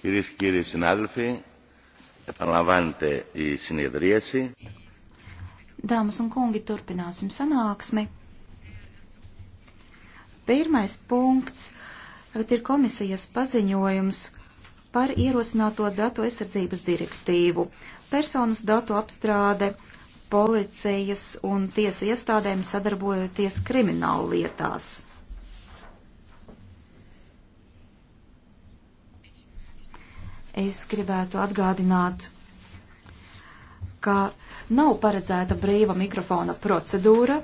Κυρίες και κύριοι συνάδελφοι, επαναλαμβάνεται η συνεδρίαση. Dāmas un kungi, turpināsim sanāksmi. Pirmais punkts ir komisijas paziņojums par ierosināto datu aizsardzības direktīvu, personas datu apstrāde, policijas un tiesu iestādēm sadarbojoties krimināllietās. es gribētu atgādināt, ka nav paredzēta brīva mikrofona procedūra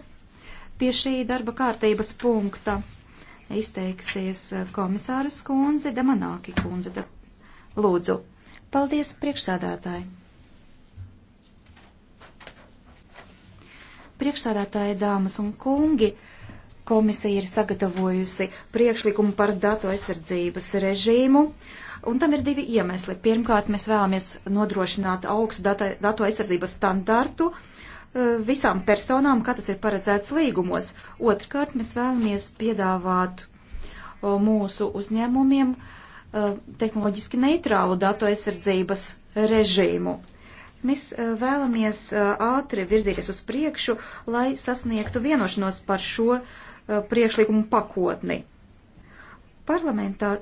pie šī darba kārtības punkta. Izteiksies komisāras kundze, Demanāki kundze. Tad lūdzu. Paldies, priekšsādātāji. Priekšsādātāji, dāmas un kungi, komisija ir sagatavojusi priekšlikumu par datu aizsardzības režīmu. Uh, Un tam ir divi iemesli. Pirmkārt, mēs vēlamies nodrošināt augstu data, datu aizsardzības standartu e, visām personām, kā tas ir paredzēts līgumos. Otrkārt, mēs vēlamies piedāvāt e, mūsu uzņēmumiem e, tehnoloģiski neitrālu datu aizsardzības režīmu. Mēs vēlamies ātri virzīties uz priekšu, lai sasniegtu vienošanos par šo priekšlikumu pakotni. Parlamentā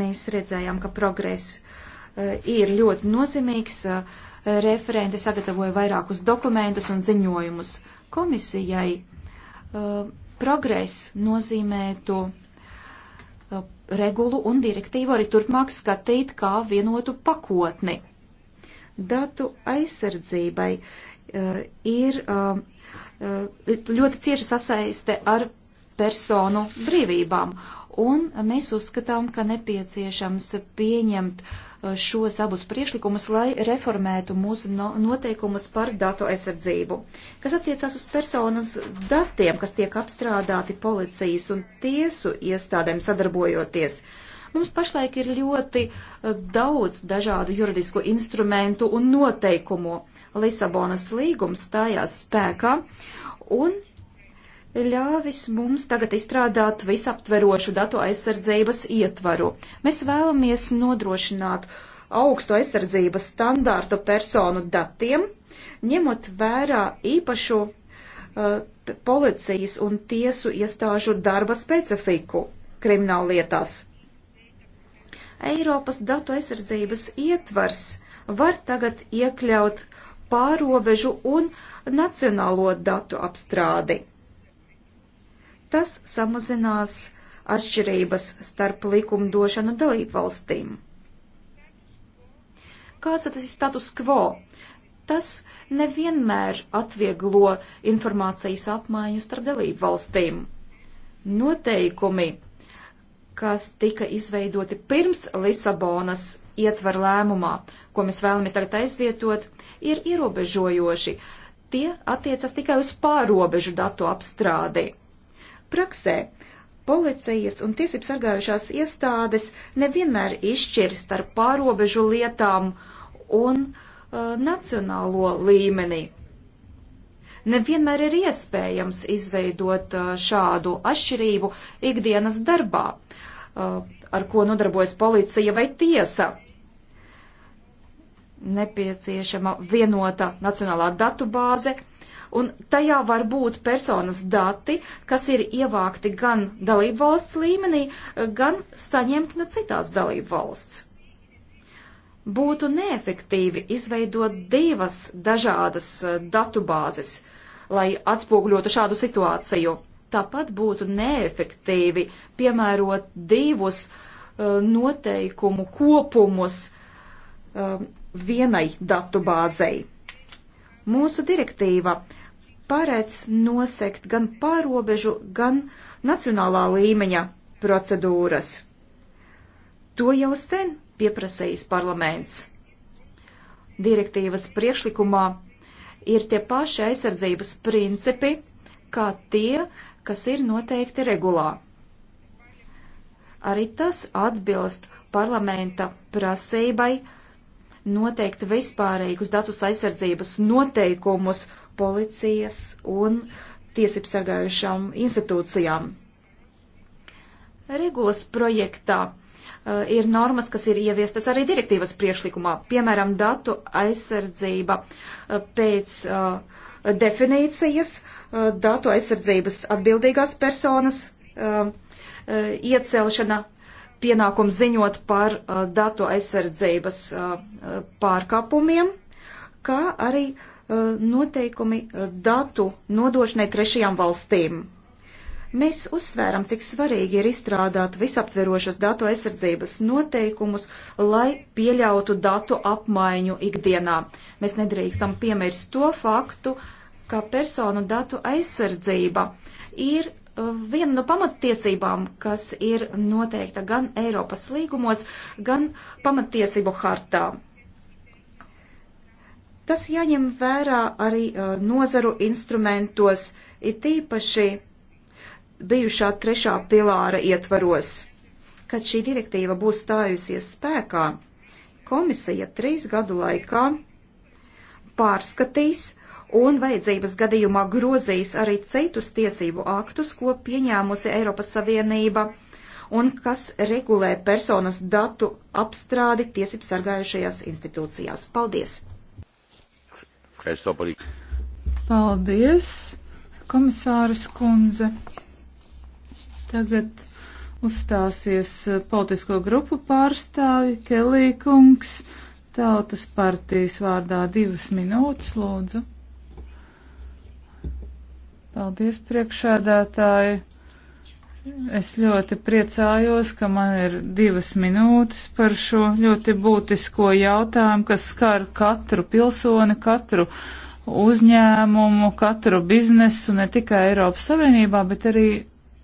Mēs redzējām, ka progress eh, ir ļoti nozīmīgs. Eh, referente sagatavoja vairākus dokumentus un ziņojumus komisijai. Eh, progress nozīmētu regulu un direktīvu arī turpmāk skatīt kā vienotu pakotni. Datu aizsardzībai uh, ir uh, ļoti cieša sasaiste ar personu brīvībām, un mēs uzskatām, ka nepieciešams pieņemt uh, šos abus priekšlikumus, lai reformētu mūsu noteikumus par datu aizsardzību, kas attiecās uz personas datiem, kas tiek apstrādāti policijas un tiesu iestādēm sadarbojoties. Mums pašlaik ir ļoti uh, daudz dažādu juridisku instrumentu un noteikumu. Lisabonas līgums stājās spēkā, un ļāvis mums tagad izstrādāt visaptverošu datu aizsardzības ietvaru. Mēs vēlamies nodrošināt augstu aizsardzības standārtu personu datiem, ņemot vērā īpašu uh, policijas un tiesu iestāžu darba specifiku krimināllietās. Eiropas datu aizsardzības ietvars var tagad iekļaut pārobežu un nacionālo datu apstrādi. Tas samazinās atšķirības starp likumdošanu dalību valstīm. Kāds tas ir status quo? Tas nevienmēr atvieglo informācijas apmaiņu starp dalību valstīm. Noteikumi, kas tika izveidoti pirms Lisabonas ietver lēmumā, ko mēs vēlamies tagad aizvietot, ir ierobežojoši. Tie attiecas tikai uz pārobežu datu apstrādi. Praksē policijas un tiesības sargājušās iestādes nevienmēr izšķir starp pārobežu lietām un uh, nacionālo līmeni. Nevienmēr ir iespējams izveidot uh, šādu atšķirību ikdienas darbā, uh, ar ko nodarbojas policija vai tiesa. Nepieciešama vienota nacionālā datubāze, uh, un tajā var būt personas dati, kas ir ievākti gan dalību valsts līmenī, gan saņemti no citās dalību valsts. Būtu neefektīvi izveidot divas dažādas eh, datubāzes, lai atspoguļotu šādu situāciju. Tāpat būtu neefektīvi piemērot divus uh, noteikumu kopumus uh, vienai datubāzei Mūsu direktīva paredz nosekt gan pārobežu, gan nacionālā līmeņa procedūras. To jau sen pieprasījis parlaments. Direktīvas priekšlikumā ir tie paši aizsardzības principi, kā tie, kas ir noteikti regulā. Arī tas atbilst parlamenta prasībai noteikt vispārīgus datus aizsardzības noteikumus policijas un tiesību sargājušām institūcijām. Regulas projektā uh, ir normas, kas ir ieviestas arī direktīvas priekšlikumā, piemēram, datu aizsardzība uh, pēc uh, definīcijas, uh, datu aizsardzības atbildīgās personas uh, uh, iecelšana pienākums ziņot par uh, datu aizsardzības uh, uh pārkāpumiem, kā arī uh, noteikumi uh, datu nodošanai trešajām valstīm. Mēs uzsvēram, cik svarīgi ir izstrādāt visaptverošas datu aizsardzības noteikumus, lai pieļautu datu apmaiņu ikdienā. Mēs nedrīkstam piemirst to faktu, ka personu datu aizsardzība ir viena no pamattiesībām, kas ir noteikta gan Eiropas līgumos, gan pamattiesību hartā. Tas jāņem vērā arī nozaru instrumentos, it īpaši bijušā trešā pilāra ietvaros. Kad šī direktīva būs stājusies spēkā, komisija trīs gadu laikā pārskatīs, uh, un vajadzības gadījumā grozīs arī citus tiesību aktus, ko pieņēmusi Eiropas Savienība un kas regulē personas datu apstrādi tiesību sargājušajās institūcijās. Paldies! Paldies, komisāras kundze. Tagad uzstāsies politisko grupu pārstāvi Kelī Kungs. Tautas partijas vārdā divas minūtes, lūdzu. Paldies, priekšādātāji. Es ļoti priecājos, ka man ir divas minūtes par šo ļoti būtisko jautājumu, kas skar katru pilsoni, katru uzņēmumu, katru biznesu ne tikai Eiropas Savienībā, bet arī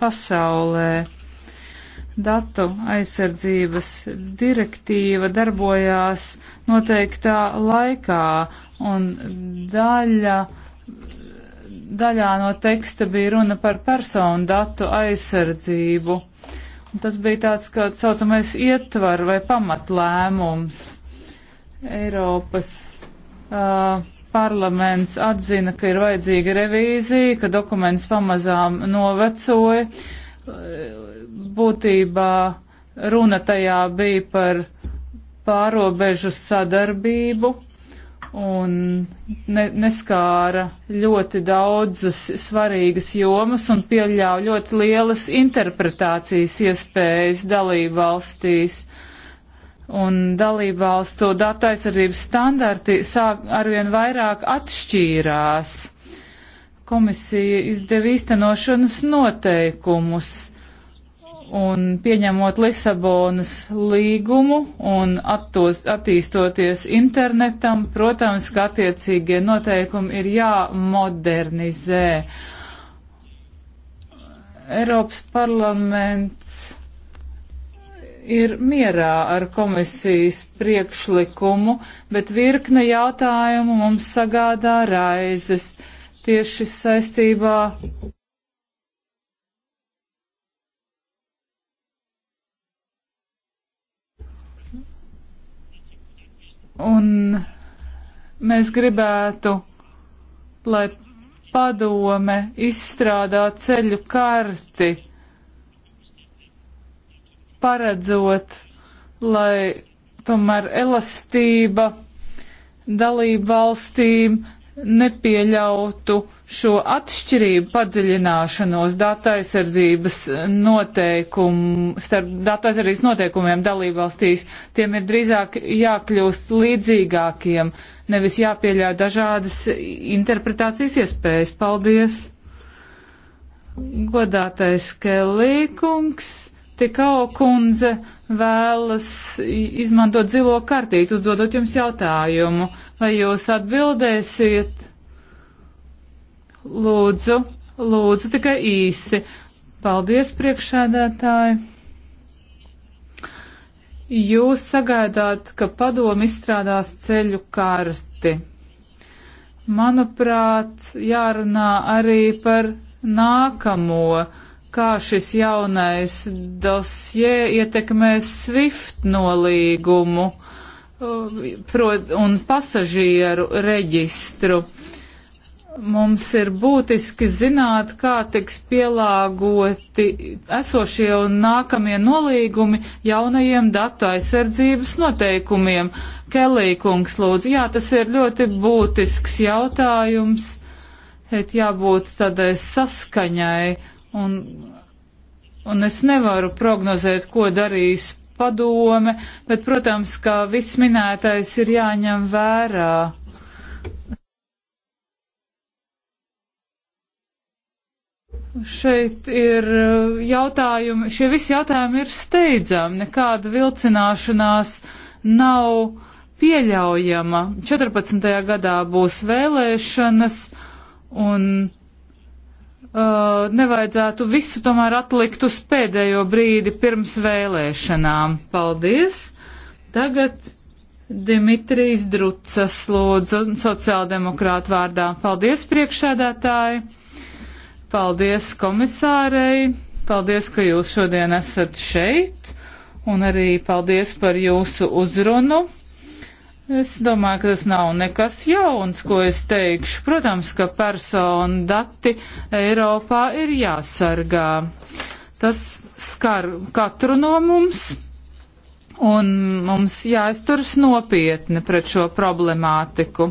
pasaulē. Datu aizsardzības direktīva darbojās noteiktā laikā un daļa daļā no teksta bija runa par personu datu aizsardzību. Un tas bija tāds, kā saucamais ietvar vai pamatlēmums. Eiropas uh, parlaments atzina, ka ir vajadzīga revīzija, ka dokuments pamazām novecoja. Uh, būtībā runa tajā bija par pārobežu sadarbību un ne, neskāra ļoti daudzas svarīgas jomas un pieļāva ļoti lielas interpretācijas iespējas dalību valstīs. Un dalību valstu datu aizsardzības standarti sāk arvien vairāk atšķīrās. Komisija izdeva īstenošanas noteikumus un pieņemot Lisabonas līgumu un attos, attīstoties internetam, protams, ka attiecīgie noteikumi ir jāmodernizē. Eiropas parlaments ir mierā ar komisijas priekšlikumu, bet virkne jautājumu mums sagādā raizes tieši saistībā Un mēs gribētu, lai padome izstrādā ceļu karti, paredzot, lai tomēr elastība dalību valstīm nepieļautu šo atšķirību padziļināšanos datu aizsardzības noteikumu, starp datu aizsardzības noteikumiem dalībvalstīs. Tiem ir drīzāk jākļūst līdzīgākiem, nevis jāpieļauj dažādas interpretācijas iespējas. Paldies! Godātais Kelīkungs, tikau kundze vēlas izmantot zilo kartīti, uzdodot jums jautājumu. Vai jūs atbildēsiet? Lūdzu, lūdzu tikai īsi. Paldies, priekšsēdētāji. Jūs sagaidāt, ka padomi izstrādās ceļu karti. Manuprāt, jārunā arī par nākamo, kā šis jaunais dosie ietekmēs Swift nolīgumu. Uh, un pasažieru reģistru. Mums ir būtiski zināt, kā tiks pielāgoti esošie un nākamie nolīgumi jaunajiem datu aizsardzības noteikumiem. Kelīkungs lūdzu, jā, tas ir ļoti būtisks jautājums, bet jābūt tādai saskaņai un, un es nevaru prognozēt, ko darīs padome, bet, protams, kā viss minētais ir jāņem vērā. Šeit ir uh, jautājumi, šie visi jautājumi ir steidzami, nekāda vilcināšanās nav pieļaujama. 14. gadā būs vēlēšanas un uh, nevajadzētu visu tomēr atlikt uz pēdējo brīdi pirms vēlēšanām. Paldies! Tagad Dimitrijs Drucas lūdzu sociāldemokrātu vārdā. Paldies priekšēdētāji! Paldies komisārei! Paldies, ka jūs šodien esat šeit! Un arī paldies par jūsu uzrunu! Es domāju, ka tas nav nekas jauns, ko es teikšu. Protams, ka personu dati Eiropā ir jāsargā. Tas skar katru no mums, un mums jāizturas nopietni pret šo problemātiku.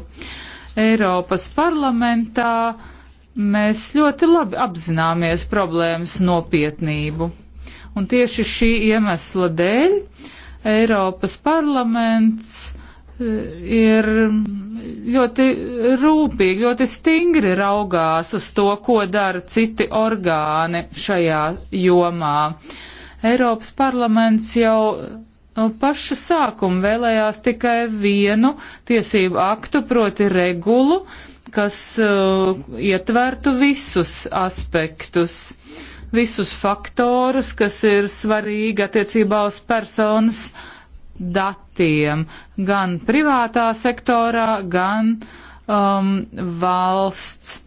Eiropas parlamentā mēs ļoti labi apzināmies problēmas nopietnību. Un tieši šī iemesla dēļ Eiropas parlaments ir ļoti rūpīgi, ļoti stingri raugās uz to, ko dara citi orgāni šajā jomā. Eiropas parlaments jau no paša sākuma vēlējās tikai vienu tiesību aktu, proti regulu, kas uh, ietvertu visus aspektus, visus faktorus, kas ir svarīgi attiecībā uz personas datiem datiem gan privātā sektorā, gan um, valsts.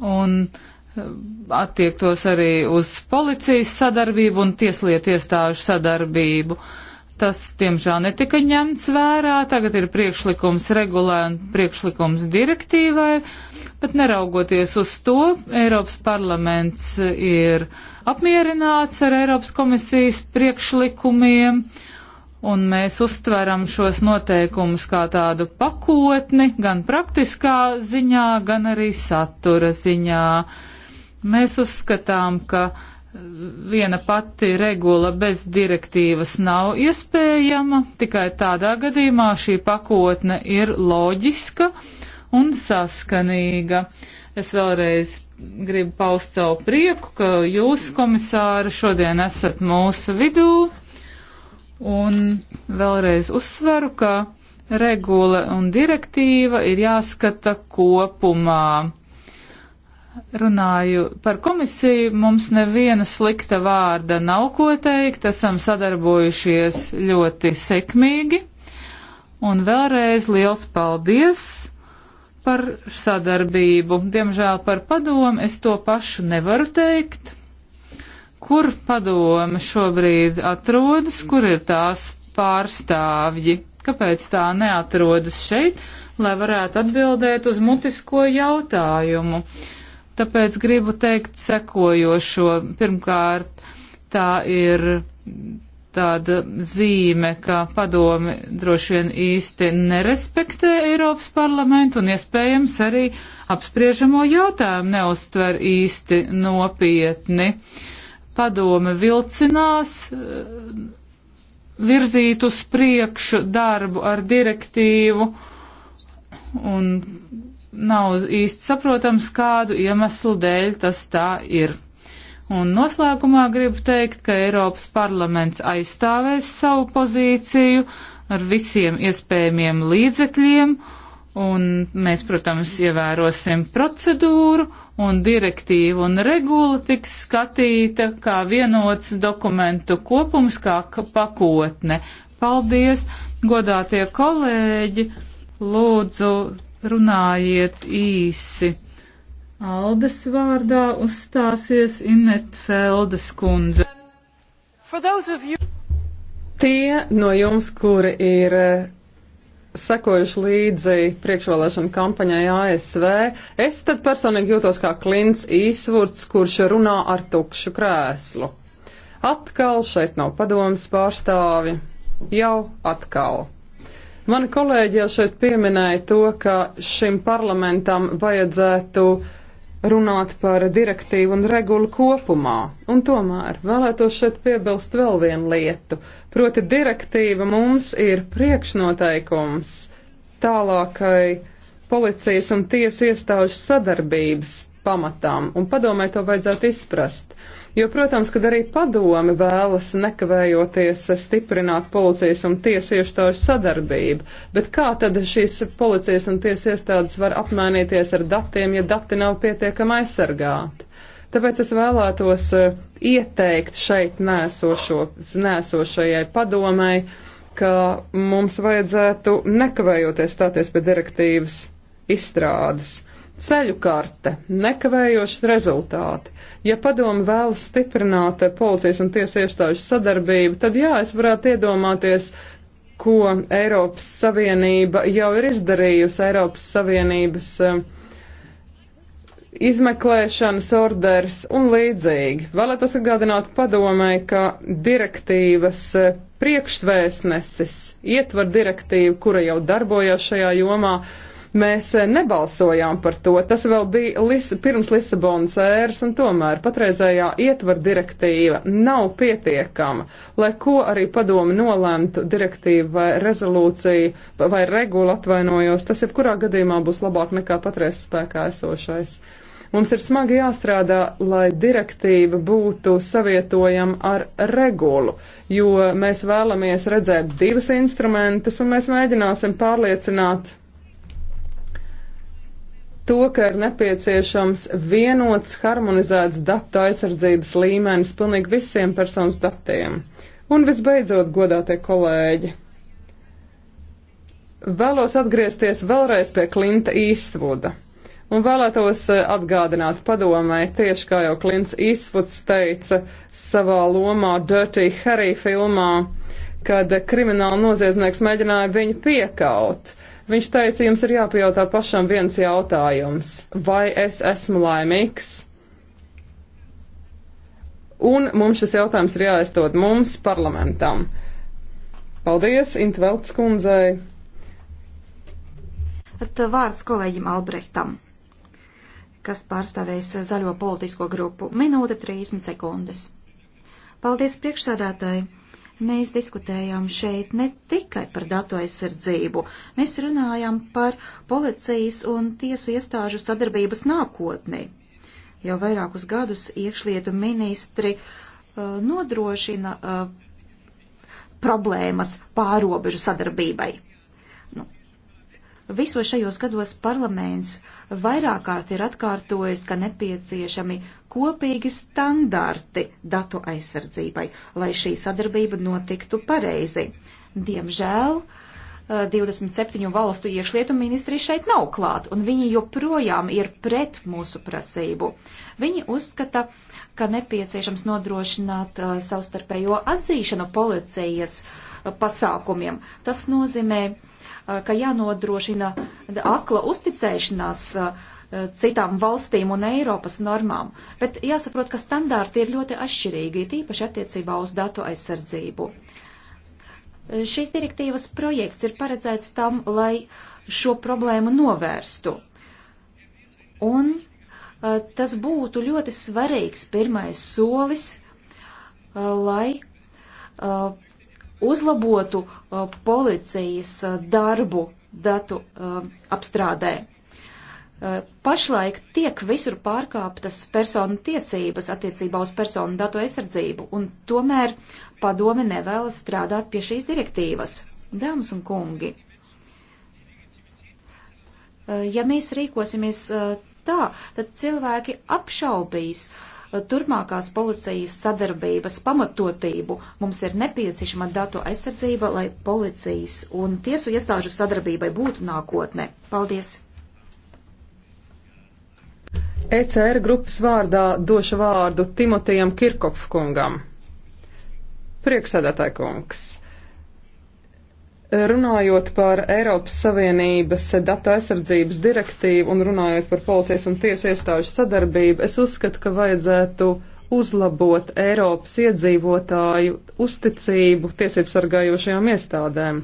Un uh, attiektos arī uz policijas sadarbību un tieslietu iestāžu sadarbību. Tas, tiemžēl, netika ņemts vērā. Tagad ir priekšlikums regulē un priekšlikums direktīvai, bet neraugoties uz to, Eiropas parlaments ir apmierināts ar Eiropas komisijas priekšlikumiem un mēs uztveram šos noteikumus kā tādu pakotni, gan praktiskā ziņā, gan arī satura ziņā. Mēs uzskatām, ka eh, viena pati regula bez direktīvas nav iespējama, tikai tādā gadījumā šī pakotne ir loģiska un saskanīga. Es vēlreiz gribu paust savu prieku, ka jūs, komisāri, šodien esat mūsu vidū Un vēlreiz uzsveru, ka regula un direktīva ir jāskata kopumā. Runāju par komisiju, mums neviena slikta vārda nav ko teikt, esam sadarbojušies ļoti sekmīgi. Un vēlreiz liels paldies par sadarbību. Diemžēl par padomu es to pašu nevaru teikt. Kur padome šobrīd atrodas, kur ir tās pārstāvji? Kāpēc tā neatrodas šeit, lai varētu atbildēt uz mutisko jautājumu? Tāpēc gribu teikt sekojošo. Pirmkārt, tā ir tāda zīme, ka padomi droši vien īsti nerespektē Eiropas parlamentu un iespējams arī apspriežamo jautājumu neuztver īsti nopietni. Uh, padome vilcinās eh, virzīt uz priekšu darbu ar direktīvu un nav īsti saprotams, kādu iemeslu dēļ tas tā ir. Un noslēgumā gribu teikt, ka Eiropas parlaments aizstāvēs savu pozīciju ar visiem iespējamiem līdzekļiem, un mēs, protams, ievērosim procedūru un direktīva un regula tiks skatīta kā vienots dokumentu kopums, kā pakotne. Paldies, godātie kolēģi, lūdzu runājiet īsi. Aldes vārdā uzstāsies Inet Feldes kundze. You... Tie no jums, kuri ir sekojuši līdzi priekšvēlēšana kampaņai ASV, es tad personīgi jūtos kā Klints Īsvurds, kurš runā ar tukšu krēslu. Atkal šeit nav padomas pārstāvi. Jau atkal. Mani kolēģi jau šeit pieminēja to, ka šim parlamentam vajadzētu uh, runāt par direktīvu un regulu kopumā. Un tomēr vēlētos šeit piebilst vēl vienu lietu. Proti direktīva mums ir priekšnoteikums tālākai policijas un tiesu iestāžu sadarbības pamatām, un padomē to vajadzētu izprast. Jo, protams, kad arī padomi vēlas nekavējoties stiprināt policijas un tiesu iestāžu sadarbību, bet kā tad šīs policijas un tiesu iestādes var apmainīties ar datiem, ja dati nav pietiekami aizsargāti? Tāpēc es vēlētos eh, ieteikt šeit nēsošo, nēsošajai padomai, ka mums vajadzētu nekavējoties stāties pie direktīvas izstrādes. Ceļu karte, nekavējošas rezultāti. Ja padomu vēlas stiprināt policijas un tiesu iestāžu sadarbību, tad jā, es varētu iedomāties, ko Eiropas Savienība jau ir izdarījusi Eiropas Savienības uh, izmeklēšanas orders un līdzīgi. Vēlētos atgādināt padomai, ka direktīvas eh, priekšvēstnesis ietver direktīvu, kura jau darbojas šajā jomā, Mēs eh, nebalsojām par to, tas vēl bija lis, pirms Lisabonas ēras, un tomēr patreizējā ietvar direktīva nav pietiekama, lai ko arī padomi nolēmtu direktīva vai rezolūcija vai regula atvainojos, tas jebkurā gadījumā būs labāk nekā patreiz spēkā esošais. Mums ir smagi jāstrādā, lai direktīva būtu savietojama ar regulu, jo mēs vēlamies redzēt divus instrumentus un mēs mēģināsim pārliecināt to, ka ir nepieciešams vienots, harmonizēts datu aizsardzības līmenis pilnīgi visiem personas datiem. Un visbeidzot, godātie kolēģi, vēlos atgriezties vēlreiz pie Klinta Īstvuda. Un vēlētos eh, atgādināt padomai, tieši kā jau Klints Īstvuds teica savā lomā Dirty Harry filmā, kad krimināla noziedznieks mēģināja viņu piekaut. Viņš teica, jums ir jāpajautā pašam viens jautājums. Vai es esmu laimīgs? Un mums šis jautājums ir jāaizdod mums parlamentam. Paldies, Intvelts kundzei. Tad vārds kolēģim Albrehtam, kas pārstāvēs zaļo politisko grupu. Minūte 30 sekundes. Paldies priekšsādātāji. Mēs diskutējām šeit ne tikai par datu aizsardzību, mēs runājām par policijas un tiesu iestāžu sadarbības nākotni. Jau vairākus gadus iekšlietu ministri uh, nodrošina uh, problēmas pārobežu sadarbībai. Visos šajos gados parlaments vairāk kārt ir atkārtojis, ka nepieciešami kopīgi standarti datu aizsardzībai, lai šī sadarbība notiktu pareizi. Diemžēl 27 eh, valstu iekšlietu ministri šeit nav klāt, un viņi joprojām ir pret mūsu prasību. Viņi uzskata, ka nepieciešams nodrošināt uh, savstarpējo atzīšanu policijas uh, pasākumiem. Tas nozīmē uh, ka jānodrošina akla uzticēšanās citām valstīm un Eiropas normām, bet jāsaprot, ka standārti ir ļoti atšķirīgi, tīpaši attiecībā uz datu aizsardzību. Šīs direktīvas projekts ir paredzēts tam, lai šo problēmu novērstu. Un tas būtu ļoti svarīgs pirmais solis, lai uzlabotu uh, policijas uh, darbu datu uh, apstrādē. Pašlaik tiek visur pārkāptas personu tiesības attiecībā uz personu datu aizsardzību, un tomēr padome nevēlas strādāt pie šīs direktīvas. Dāmas un kungi, ja mēs rīkosimies tā, tad cilvēki apšaubīs uh, turpmākās policijas sadarbības pamatotību. Mums ir nepieciešama datu aizsardzība, lai policijas un tiesu iestāžu sadarbībai būtu nākotne. Paldies! ECR grupas vārdā došu vārdu Timotejam Kirkopfkungam. Prieksēdētāji kungs! Runājot par Eiropas Savienības datu aizsardzības direktīvu un runājot par policijas un tiesu iestāžu sadarbību, es uzskatu, ka vajadzētu uzlabot Eiropas iedzīvotāju uzticību tiesību sargājošajām iestādēm.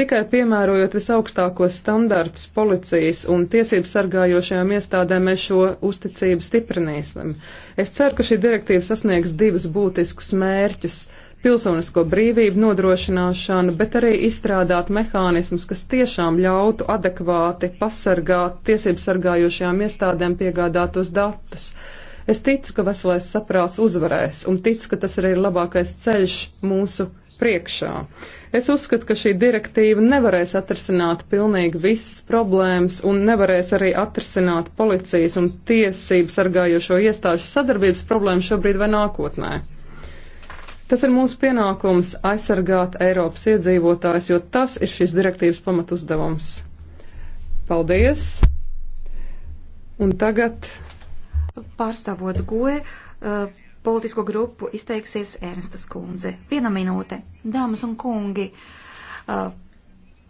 Tikai piemērojot visaugstākos standartus policijas un tiesību sargājošajām iestādēm, mēs šo uzticību stiprinīsim. Es ceru, ka šī direktīva sasniegs divus būtiskus mērķus pilsonisko brīvību nodrošināšanu, bet arī izstrādāt mehānismus, kas tiešām ļautu adekvāti pasargāt tiesību sargājošajām iestādēm piegādātos datus. Es ticu, ka veselais saprāts uzvarēs un ticu, ka tas arī ir labākais ceļš mūsu priekšā. Es uzskatu, ka šī direktīva nevarēs atrisināt pilnīgi visas problēmas un nevarēs arī atrisināt policijas un tiesību sargājošo iestāžu sadarbības problēmu šobrīd vai nākotnē. Tas ir mūsu pienākums aizsargāt Eiropas iedzīvotājs, jo tas ir šīs direktīvas pamatuzdevums. Paldies! Un tagad. Pārstāvot goe, eh, politisko grupu izteiksies Ernstas kundze. Viena minūte. Dāmas un kungi, eh,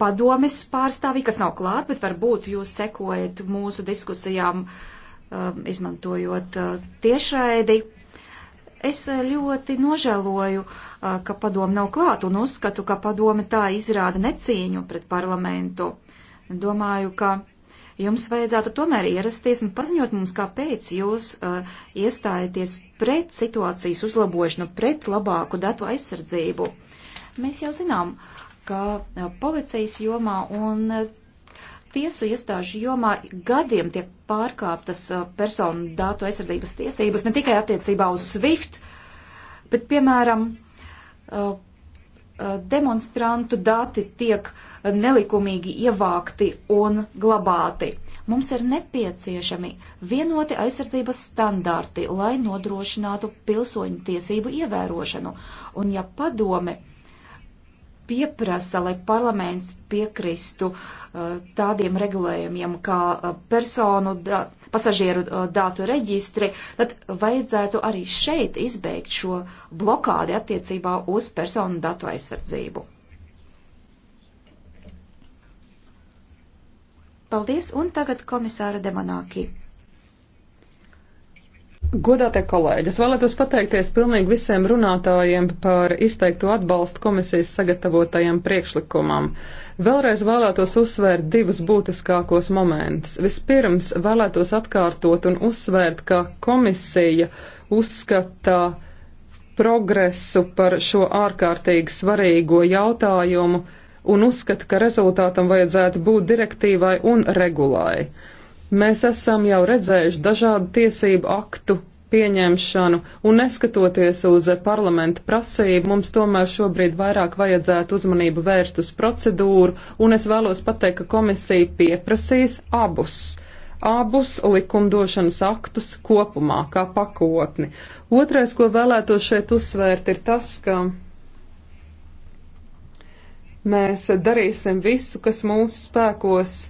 padomis pārstāvji, kas nav klāt, bet varbūt jūs sekojat mūsu diskusijām, eh, izmantojot tiešraidi. Es eh, ļoti nožēloju, eh, ka padoma nav klāt un uzskatu, ka padome tā izrāda necieņu pret parlamentu. Domāju, ka jums vajadzētu tomēr ierasties un paziņot mums, kāpēc jūs uh, iestājaties pret situācijas uzlabošanu, pret labāku datu aizsardzību. Mēs jau zinām, ka policijas jomā un tiesu iestāžu jomā gadiem tiek pārkāptas uh, personu datu aizsardzības tiesības ne tikai attiecībā uz SWIFT, bet, piemēram, uh, uh, demonstrantu dati tiek nelikumīgi ievākti un glabāti. Mums ir nepieciešami vienoti aizsardzības standarti, lai nodrošinātu pilsoņu tiesību ievērošanu. Un ja padome pieprasa, lai parlaments piekristu uh, tādiem regulējumiem kā uh, personu, da, pasažieru uh, datu reģistri, tad vajadzētu arī šeit izbeigt šo blokādi attiecībā uz personu datu aizsardzību. Paldies, un tagad komisāra Demanāki. Godātie kolēģi, es vēlētos pateikties pilnīgi visiem runātājiem par izteikto atbalstu komisijas sagatavotajam priekšlikumam. Vēlreiz vēlētos uzsvērt divus būtiskākos momentus. Vispirms vēlētos atkārtot un uzsvērt, ka komisija uzskata progresu par šo ārkārtīgi svarīgo jautājumu un uzskata, ka rezultātam vajadzētu būt direktīvai un regulai. Mēs esam jau redzējuši dažādu tiesību aktu pieņemšanu, un neskatoties uz parlamenta prasību, mums tomēr šobrīd vairāk vajadzētu uzmanību vērst uz procedūru, un es vēlos pateikt, ka komisija pieprasīs abus abus likumdošanas aktus kopumā, kā pakotni. Otrais, ko vēlētos šeit uzsvērt, ir tas, ka mēs darīsim visu, kas mūsu spēkos,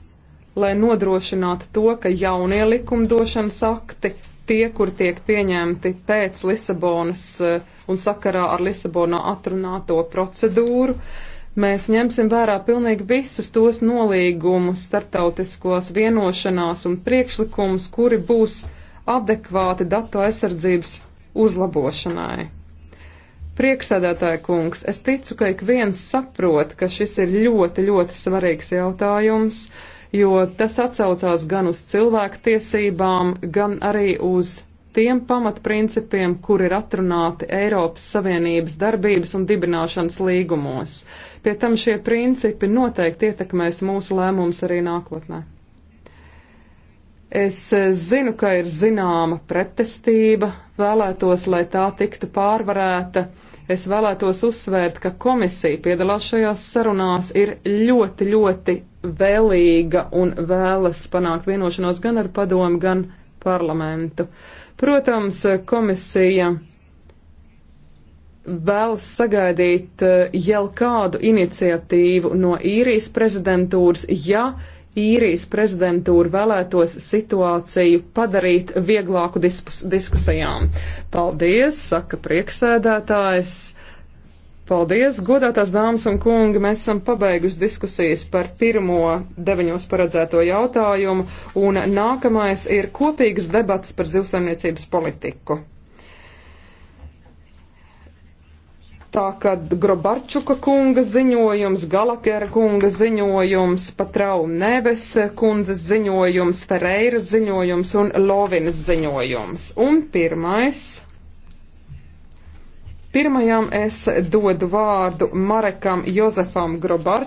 lai nodrošinātu to, ka jaunie likumdošanas akti, tie, kur tiek pieņemti pēc Lisabonas eh, un sakarā ar Lisabonā atrunāto procedūru, mēs ņemsim vērā pilnīgi visus tos nolīgumus, starptautiskos vienošanās un priekšlikumus, kuri būs adekvāti datu aizsardzības uzlabošanai. Prieksēdētāja kungs, es ticu, ka ik viens saprot, ka šis ir ļoti, ļoti svarīgs jautājums. Uh, jo tas atsaucās gan uz cilvēku tiesībām, gan arī uz tiem pamatprincipiem, kur ir atrunāti Eiropas Savienības darbības un dibināšanas līgumos. Pie tam šie principi noteikti ietekmēs mūsu lēmumus arī nākotnē. Es eh, zinu, ka ir zināma pretestība, vēlētos, lai tā tiktu pārvarēta. Es vēlētos uzsvērt, ka komisija piedalās šajās sarunās ir ļoti, ļoti vēlīga un vēlas panākt vienošanos gan ar padomu, gan parlamentu. Protams, komisija vēlas sagaidīt eh, jau kādu iniciatīvu no īrijas prezidentūras, ja īrijas prezidentūra vēlētos situāciju padarīt vieglāku diskus, diskusijām. Paldies, saka prieksēdētājs. Paldies, godātās dāmas un kungi, mēs esam pabeigusi diskusijas par pirmo deviņos paredzēto jautājumu, un nākamais ir kopīgas debats par zivsaimniecības politiku. tā kā Grobarčuka kunga ziņojums, Galakera kunga ziņojums, Patrau Neves kundzes ziņojums, Ferreiras ziņojums un Lovinas ziņojums. Un pirmais. Pirmajam es dodu vārdu Marekam Jozefam Grobarčukam.